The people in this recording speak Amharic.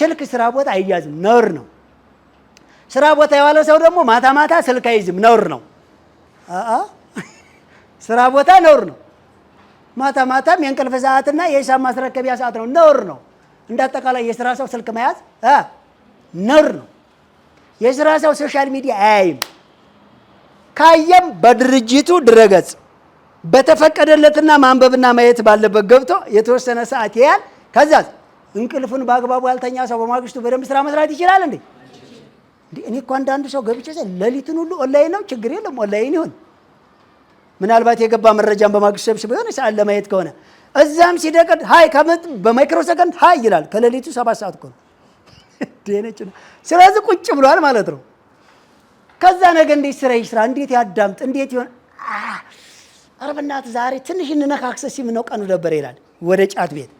ስልክ ስራ ቦታ አይያዝም፣ ነውር ነው። ስራ ቦታ የዋለ ሰው ደግሞ ማታ ማታ ስልክ አይይዝም፣ ነውር ነው። ስራ ቦታ ነውር ነው። ማታ ማታም የእንቅልፍ ሰዓትና የሂሳብ ማስረከቢያ ሰዓት ነው፣ ነውር ነው። እንደ የስራ ሰው ስልክ መያዝ ነውር ነው። የስራ ሰው ሶሻል ሚዲያ አያይም። ካየም በድርጅቱ ድረገጽ በተፈቀደለትና ማንበብና ማየት ባለበት ገብቶ የተወሰነ ሰዓት ያያል። ከዛ እንቅልፍን በአግባቡ ያልተኛ ሰው በማግስቱ በደንብ ስራ መስራት ይችላል እንዴ? እንዴ እኔ እኮ አንዳንድ ሰው ገብቼ ሌሊቱን ሁሉ ኦንላይን ነው፣ ችግር የለም ኦንላይን ይሁን። ምናልባት የገባ መረጃን በማግስቱ ሰብስበው የሆነ ሰዓት ለማየት ከሆነ እዛም ሲደቅድ ሀይ ከምጥ በማይክሮ ሰከንድ ሀይ ይላል። ከሌሊቱ ሰባት ሰዓት እኮ ነው። ስለዚህ ቁጭ ብሏል ማለት ነው። ከዛ ነገ እንዴት ስራ ይስራ፣ እንዴት ያዳምጥ፣ እንዴት ይሆን አረ በእናትህ ዛሬ ትንሽ እንነካክሰ ሲም ነው ቀኑ ነበር ይላል ወደ ጫት ቤት